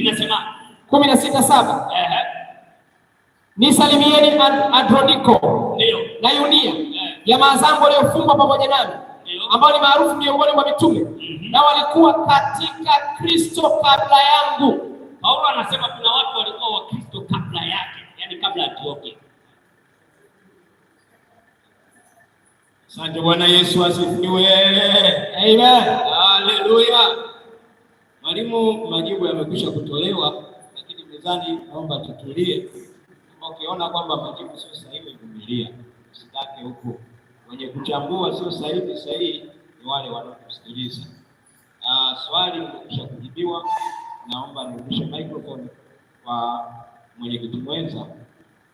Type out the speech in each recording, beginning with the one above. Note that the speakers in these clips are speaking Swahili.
inasema kumi na sita saba nisalimieni Androniko na Yunia, jamaa zangu waliofungwa pamoja nami, ambao ni maarufu miongoni mwa mitume mhm. na walikuwa katika Kristo kabla yangu. Paulo anasema kuna watu walikuwa wa Kristo kabla yake, yani kabla atoke. Asante Bwana Yesu asifiwe. Amen. Hallelujah. Walimu, majibu yamekwisha kutolewa, lakini mezani naomba tutulie. Ukiona kwamba majibu sio sahihi, vumilia, usitake huko. Wenye kuchambua sio sahihi, sahihi ni wale wanaokusikiliza. Uh, swali limekwisha kujibiwa. Naomba nirudishe microphone kwa mwenyekiti mwenza,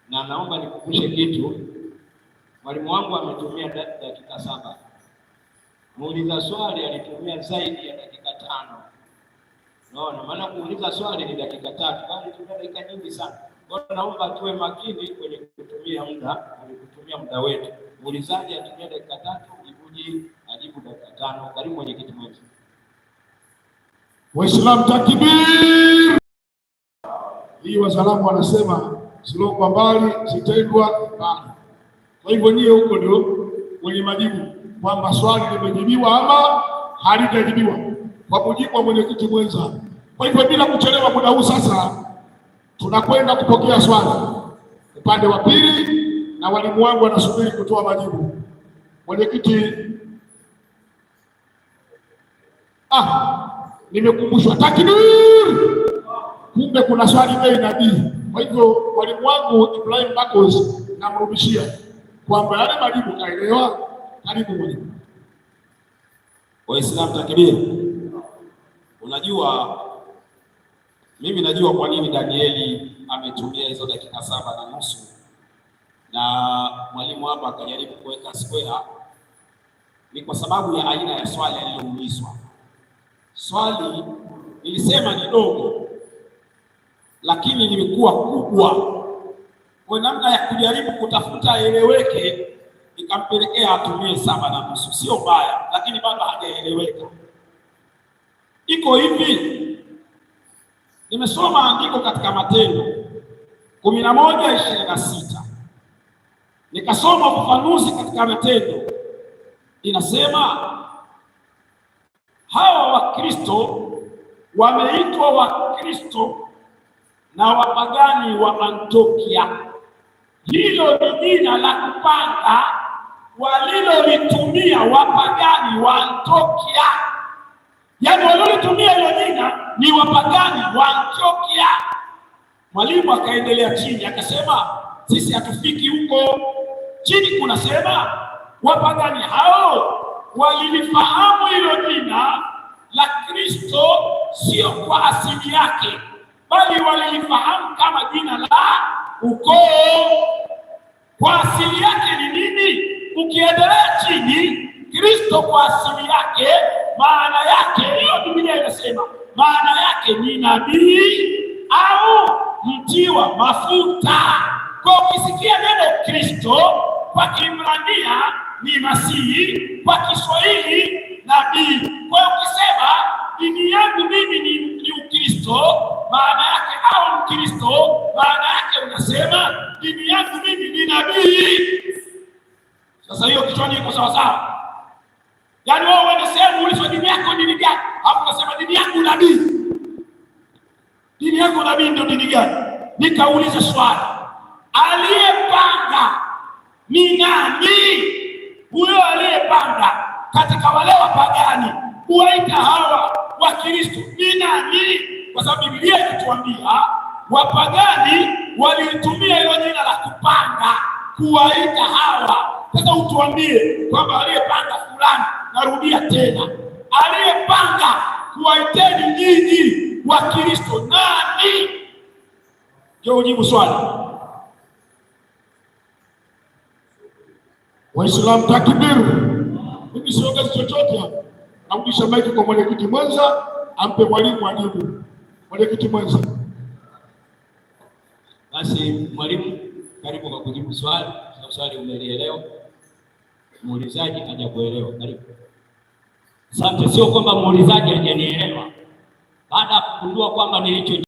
na naomba nikukumbushe kitu. Mwalimu wangu ametumia dakika saba, muuliza swali alitumia zaidi ya dakika tano. Unaona, maana kuuliza swali ni dakika tatu, bali yaani tuna dakika nyingi sana. Kwa hiyo naomba tuwe makini kwenye kutumia muda, kwenye kutumia muda wetu. Muulizaji atumia dakika tatu, mjibuji ajibu dakika tano. Karibu mwenyekiti wetu. Waislamu takbir! Hii wasalamu wanasema kwa mbali sitendwa mbali. Kwa hivyo nyie huko ndio kwenye majibu kwamba swali limejibiwa ama halijajibiwa, kwa mujibu wa mwenyekiti mwenza kwa hivyo bila kuchelewa, muda huu sasa tunakwenda kupokea swali upande wa pili, na walimu wangu wanasubiri kutoa majibu. Mwenyekiti, ah, nimekumbushwa takbir, kumbe kuna swali bei nabii. Kwa hivyo walimu wangu Ibrahim Bakos namrudishia kwamba yale majibu kaelewa. Karibu mwalimu. Waislamu takbir, unajua mimi najua kwa nini Danieli ametumia hizo dakika saba na nusu, na mwalimu hapa akajaribu kuweka square. Ni kwa sababu ya aina ya swali aliyoulizwa. Swali nilisema ni dogo, lakini limekuwa kubwa kwa namna ya kujaribu kutafuta aeleweke, nikampelekea atumie saba na nusu. Sio mbaya, lakini bado hajaeleweka. Iko hivi Nimesoma andiko katika Matendo kumi na moja ishirini na sita nikasoma ufafanuzi katika Matendo, inasema hawa Wakristo wameitwa Wakristo na wapagani wa Antiokia. Hilo ni jina la kupanga walilolitumia wapagani wa Antiokia, yaani walilolitumia hilo wapagani wa Antiokia. Mwalimu akaendelea chini akasema, sisi hatufiki huko chini. Kunasema wapagani hao walilifahamu hilo jina la Kristo, sio kwa asili yake, bali walilifahamu kama jina la ukoo. Kwa asili yake ni nini? Ukiendelea chini, Kristo kwa asili yake maana akasema maana yake ni nabii au mtiwa mafuta. Kwa ukisikia neno Kristo kwa Kiibrania ni Masihi, kwa Kiswahili nabii. Kwa hiyo ukisema dini yangu mimi ni Ukristo, maana yake au Mkristo, maana yake unasema yako dini gani? Hapo nasema dini yangu unabii. Dini yangu unabii ndio dini gani? Nikauliza swali, aliyepanda ni nani? Huyo aliyepanda katika wale wapagani kuwaita hawa wa Kristo ni nani? Kwa sababu Biblia inatuambia wapagani walitumia hilo jina la kupanda kuwaita hawa. Sasa utuambie kwamba aliyepanda fulani, narudia tena aliyepanga kuwaiteni nyinyi wa Kristo nani? Ndio ujibu swali. Waislamu, takbiru. Mimi siongezi chochote hapa. Narudisha maiki kwa mwenyekiti mwenza ampe mwalimu ajibu. Mwenyekiti mwenza. Basi mwalimu, karibu kwa kujibu swali. Swali umelielewa, muulizaji hajakuelewa. Karibu. Asante, sio kwamba muulizaji hajanielewa, baada ya kugundua kwamba nilicho